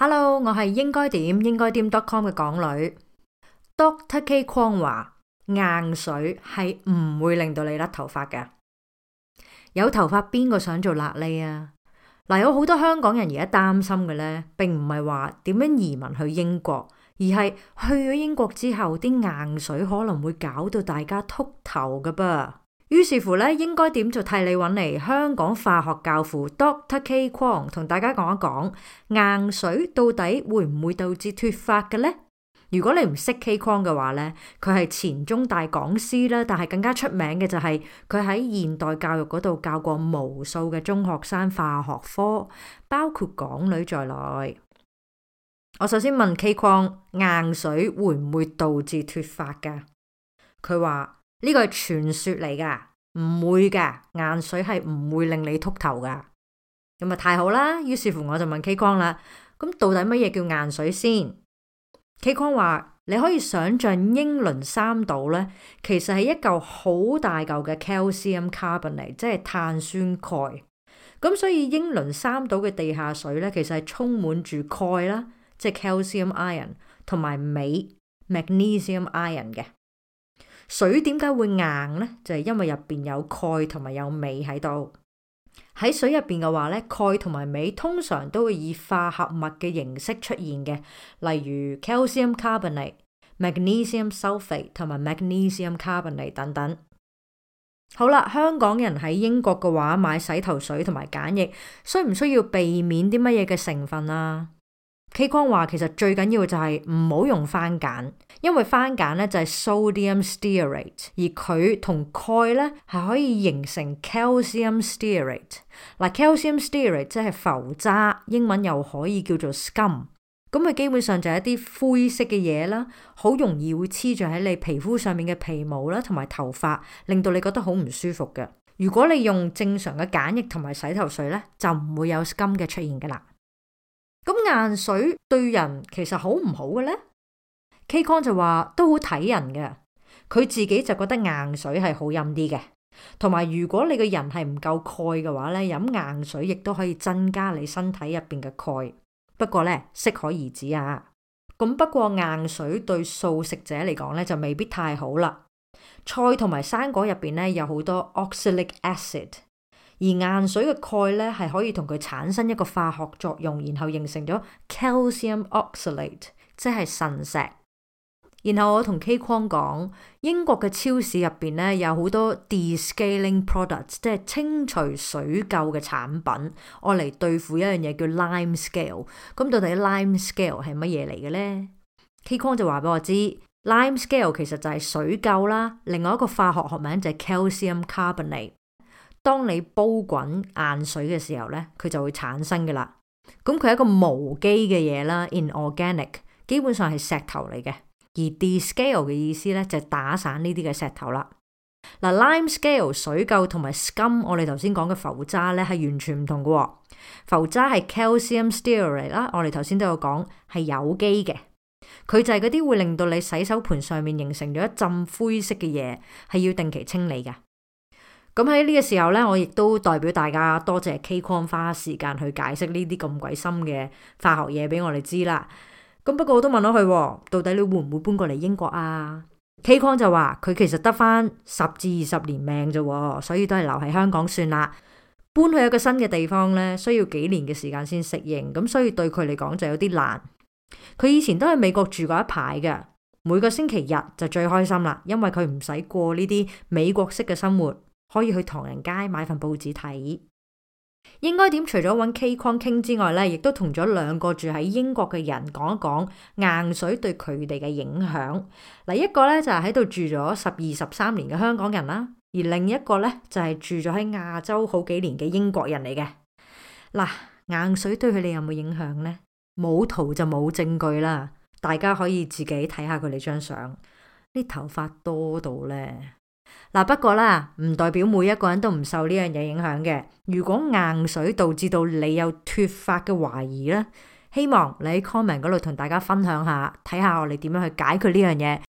Hello，我係應該點應該點 .com 嘅港女 Doctor K 鄺華，硬水係唔會令到你甩頭髮嘅。有頭髮邊個想做瘌痢啊？嗱、嗯，有好多香港人而家擔心嘅咧，並唔係話點樣移民去英國，而係去咗英國之後啲硬水可能會搞到大家禿頭噶噃。於是乎咧，應該點做？替你揾嚟香港化學教父 Dr. K. Kwong 同大家講一講，硬水到底會唔會導致脫髮嘅咧？如果你唔識 K. Kwong 嘅話咧，佢係前中大講師啦，但係更加出名嘅就係佢喺現代教育嗰度教過無數嘅中學生化學科，包括港女在內。我首先問 K. Kwong，硬水會唔會導致脫髮㗎？佢話。呢個係傳說嚟噶，唔會噶，硬水係唔會令你禿頭噶。咁啊，太好啦！於是乎我就問 K 匡啦，咁到底乜嘢叫硬水先？K 匡話你可以想象英倫三島咧，其實係一嚿好大嚿嘅 calcium carbonate，即係碳酸鈣。咁所以英倫三島嘅地下水咧，其實係充滿住鈣啦，即係 calcium ion，同埋鎂 magnesium ion 嘅。水點解會硬呢？就係、是，因為入邊有鈣同埋有鎂喺度。喺水入邊嘅話呢，鈣同埋鎂通常都會以化合物嘅形式出現嘅，例如 calcium carbonate、magnesium sulfate 同埋 magnesium carbonate 等等。好啦，香港人喺英國嘅話買洗頭水同埋鹼液，需唔需要避免啲乜嘢嘅成分啊？K 框話，其實最緊要就係唔好用番梘，因為番梘咧就係 sodium stearate，而佢同鈣咧係可以形成 calcium stearate。嗱，啊，calcium stearate 即係浮渣，英文又可以叫做 scum。咁佢基本上就係一啲灰色嘅嘢啦，好容易會黐住喺你皮膚上面嘅皮毛啦，同埋頭髮，令到你覺得好唔舒服嘅。如果你用正常嘅梘液同埋洗頭水咧，就唔會有 scum 嘅出現噶啦。咁硬水對人其實好唔好嘅咧？KCon 就話都好睇人嘅，佢自己就覺得硬水係好飲啲嘅，同埋如果你個人係唔夠鈣嘅話咧，飲硬水亦都可以增加你身體入邊嘅鈣。不過咧適可而止啊。咁不過硬水對素食者嚟講咧就未必太好啦。菜同埋生果入邊咧有好多 oxalic acid。而硬水嘅鈣咧，係可以同佢產生一個化學作用，然後形成咗 calcium oxalate，即係腎石。然後我同 K 框講，英國嘅超市入邊咧有好多 de-scaling products，即係清除水垢嘅產品，用嚟對付一樣嘢叫 lime scale。咁到底 lime scale 係乜嘢嚟嘅咧？K 框就話俾我知 lime scale 其實就係水垢啦，另外一個化學學名就係 calcium carbonate。當你煲滾硬水嘅時候咧，佢就會產生嘅啦。咁佢係一個無機嘅嘢啦，inorganic，基本上係石頭嚟嘅。而 descale 嘅意思咧就係打散呢啲嘅石頭啦。嗱，lime scale 水垢同埋 scum，我哋頭先講嘅浮渣咧係完全唔同嘅。浮渣係 calcium stearate 嚟啦，我哋頭先都有講係有機嘅，佢就係嗰啲會令到你洗手盆上面形成咗一浸灰色嘅嘢，係要定期清理嘅。咁喺呢個時候咧，我亦都代表大家多謝 K Kong 花時間去解釋呢啲咁鬼深嘅化學嘢俾我哋知啦。咁不過我都問咗佢喎，到底你會唔會搬過嚟英國啊？K Kong 就話佢其實得翻十至二十年命咋喎，所以都係留喺香港算啦。搬去一個新嘅地方咧，需要幾年嘅時間先適應，咁所以對佢嚟講就有啲難。佢以前都喺美國住過一排㗎，每個星期日就最開心啦，因為佢唔使過呢啲美國式嘅生活。可以去唐人街買份報紙睇，應該點？除咗揾 K 框傾之外咧，亦都同咗兩個住喺英國嘅人講一講硬水對佢哋嘅影響。嗱，一個咧就係喺度住咗十二十三年嘅香港人啦，而另一個咧就係、是、住咗喺亞洲好幾年嘅英國人嚟嘅。嗱，硬水對佢哋有冇影響咧？冇圖就冇證據啦，大家可以自己睇下佢哋張相，啲頭髮多到咧。嗱、啊，不過啦，唔代表每一個人都唔受呢樣嘢影響嘅。如果硬水導致到你有脫髮嘅懷疑咧，希望你喺 comment 嗰度同大家分享下，睇下我哋點樣去解決呢樣嘢。